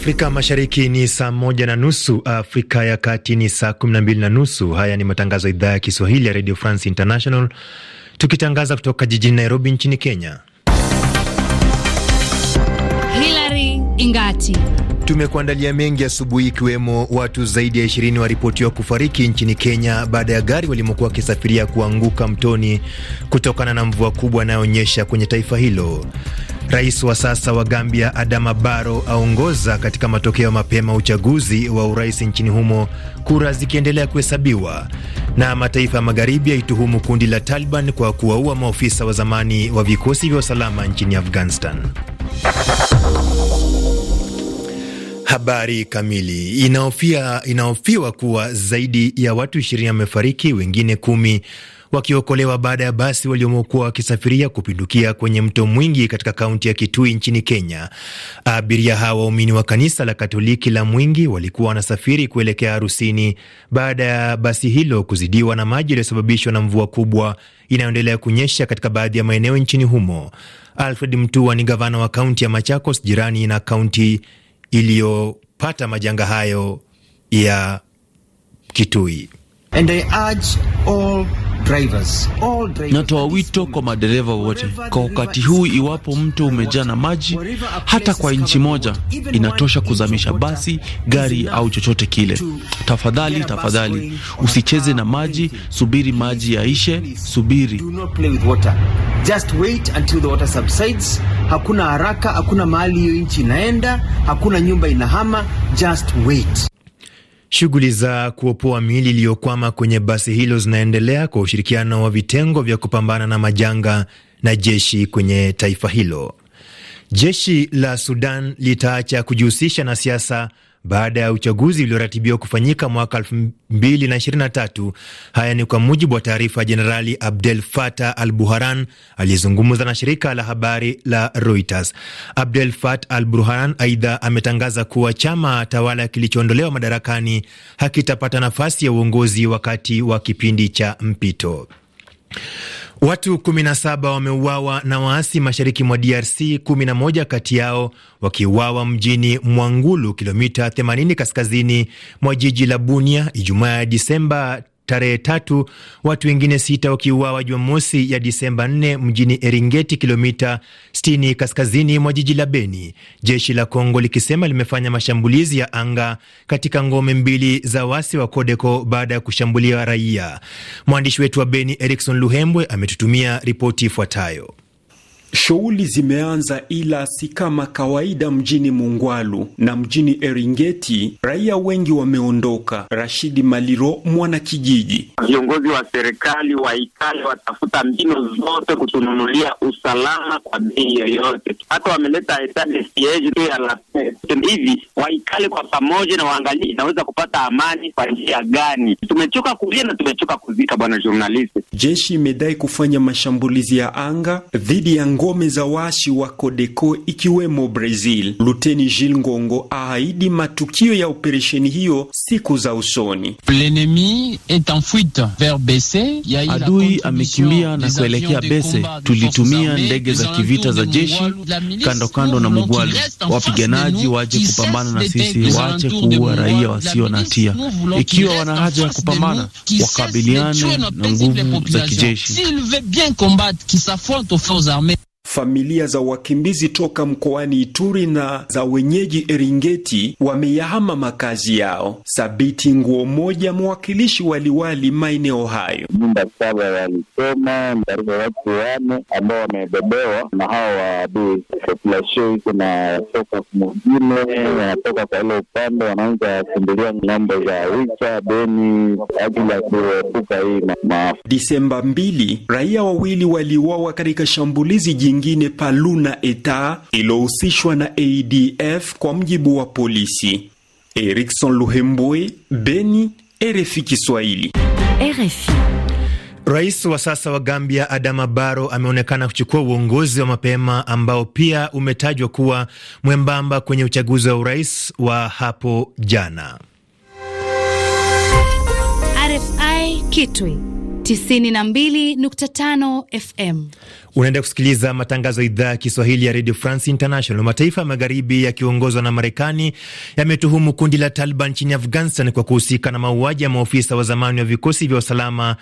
Afrika Mashariki ni saa moja na nusu, Afrika ya Kati ni saa kumi na mbili na nusu. Haya ni matangazo ya idhaa ya Kiswahili ya Radio France International, tukitangaza kutoka jijini Nairobi nchini Kenya. Hilary Ingati tumekuandalia mengi asubuhi, ikiwemo watu zaidi ya 20 waripotiwa kufariki nchini Kenya baada ya gari walimokuwa wakisafiria kuanguka mtoni kutokana na mvua kubwa anayoonyesha kwenye taifa hilo. Rais wa sasa wa Gambia Adama Baro aongoza katika matokeo mapema uchaguzi wa urais nchini humo, kura zikiendelea kuhesabiwa. Na mataifa ya magharibi yaituhumu kundi la Taliban kwa kuwaua maofisa wa zamani wa vikosi vya usalama nchini Afghanistan. Habari kamili. Inaofia, inaofiwa kuwa zaidi ya watu ishirini wamefariki, wengine kumi wakiokolewa baada ya basi waliomokuwa wakisafiria kupindukia kwenye mto Mwingi katika kaunti ya Kitui nchini Kenya. Abiria hawa waumini wa kanisa la Katoliki la Mwingi walikuwa wanasafiri kuelekea harusini baada ya basi hilo kuzidiwa na maji yaliyosababishwa na mvua kubwa inayoendelea kunyesha katika baadhi ya maeneo nchini humo. Alfred Mtua ni gavana wa kaunti ya Machakos, jirani na kaunti iliyopata majanga hayo ya Kitui. And urge all Natoa wito kwa madereva wote kwa wakati huu, iwapo mto umejaa na maji, hata kwa nchi moja inatosha kuzamisha basi, gari au chochote kile. Tafadhali, tafadhali usicheze na maji, subiri maji yaishe, subiri. Just wait until the water subsides. Hakuna haraka, hakuna mahali hiyo nchi inaenda, hakuna nyumba inahama. Just wait. Shughuli za kuopoa miili iliyokwama kwenye basi hilo zinaendelea kwa ushirikiano wa vitengo vya kupambana na majanga na jeshi kwenye taifa hilo. Jeshi la Sudan litaacha kujihusisha na siasa baada ya uchaguzi ulioratibiwa kufanyika mwaka 2023. Haya ni kwa mujibu wa taarifa ya Jenerali Abdel Fattah al Burhan aliyezungumza na shirika la habari la Reuters. Abdel Fattah al Burhan aidha ametangaza kuwa chama tawala kilichoondolewa madarakani hakitapata nafasi ya uongozi wakati wa kipindi cha mpito. Watu 17 wameuawa na waasi mashariki mwa DRC, 11 kati yao wakiuawa mjini Mwangulu, kilomita 80 kaskazini mwa jiji la Bunia, Ijumaa ya Disemba tarehe tatu, watu wengine sita wakiuawa Jumamosi ya Disemba 4 mjini Eringeti, kilomita 60 kaskazini mwa jiji la Beni, jeshi la Kongo likisema limefanya mashambulizi ya anga katika ngome mbili za wasi wa Kodeko baada ya kushambulia raia. Mwandishi wetu wa Beni Erikson Luhembwe ametutumia ripoti ifuatayo. Shughuli zimeanza ila si kama kawaida mjini Mungwalu na mjini Eringeti, raia wengi wameondoka. Rashidi Maliro, mwana kijiji: viongozi wa serikali waikale, watafuta mbinu zote kutununulia usalama kwa bei yoyote. Hata wameleta hivi, waikale kwa pamoja na waangalie inaweza kupata amani kwa njia gani. Tumechoka kulia na tumechoka kuzika, bwana journalist. Jeshi imedai kufanya mashambulizi ya anga dhidi ya ngome za washi wa kodeko ikiwemo Brazil. Luteni Gilles Ngongo aahidi matukio ya operesheni hiyo siku za usoni. Adui amekimbia na kuelekea Bese. Tulitumia ndege za kivita za jeshi kando kando na Mugwalu. Wapiganaji waje kupambana na sisi, waache kuua raia wasio na hatia. Ikiwa wana haja ya kupambana, wakabiliane na nguvu za kijeshi familia za wakimbizi toka mkoani Ituri na za wenyeji Eringeti wameyahama makazi yao. Sabiti Nguo Moja, mwakilishi waliwali maeneo hayo. Nyumba saba walisoma karibu watu wane ambao wamebebewa na hao waadui. Populasio iko natoka mwingine, wanatoka kwa ile upande, wanaanza kukimbilia nambo za Wicha Beni ajili ya kuepuka hii maafa. Disemba mbili raia wawili waliuawa katika shambulizi jingi jingine Paluna eta ilohusishwa na ADF kwa mjibu wa polisi. Erikson Luhembwe, Beni, RFI Kiswahili. RFI. Rais wa sasa wa Gambia Adama Baro ameonekana kuchukua uongozi wa mapema ambao pia umetajwa kuwa mwembamba kwenye uchaguzi wa urais wa hapo jana. RFI Kitwi 92.5 FM. Unaenda kusikiliza matangazo ya idhaa ya Kiswahili ya Radio France International. Mataifa ya magharibi yakiongozwa na Marekani yametuhumu kundi la Taliban nchini Afghanistan kwa kuhusika na mauaji ya maofisa wa zamani wa vikosi vya usalama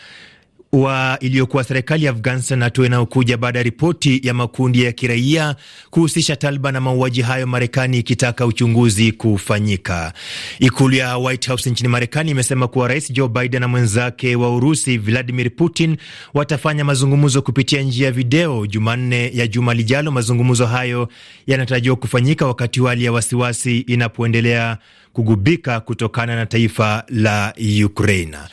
wa iliyokuwa serikali ya Afghanistan, hatua inayokuja baada ya ripoti ya makundi ya kiraia kuhusisha Taliban na mauaji hayo, Marekani ikitaka uchunguzi kufanyika. Ikulu ya White House nchini Marekani imesema kuwa Rais Joe Biden na mwenzake wa Urusi Vladimir Putin watafanya mazungumzo kupitia njia ya video Jumanne ya juma lijalo. Mazungumzo hayo yanatarajiwa kufanyika wakati hali ya wasiwasi inapoendelea kugubika kutokana na taifa la Ukraina.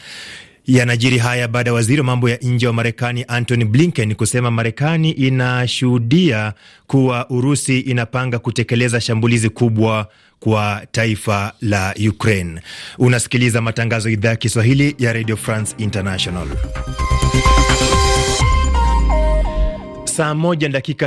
Yanajiri haya baada ya waziri wa mambo ya nje wa Marekani Antony Blinken kusema Marekani inashuhudia kuwa Urusi inapanga kutekeleza shambulizi kubwa kwa taifa la Ukraine. Unasikiliza matangazo ya idhaa ya Kiswahili ya Radio France International. Saa moja dakika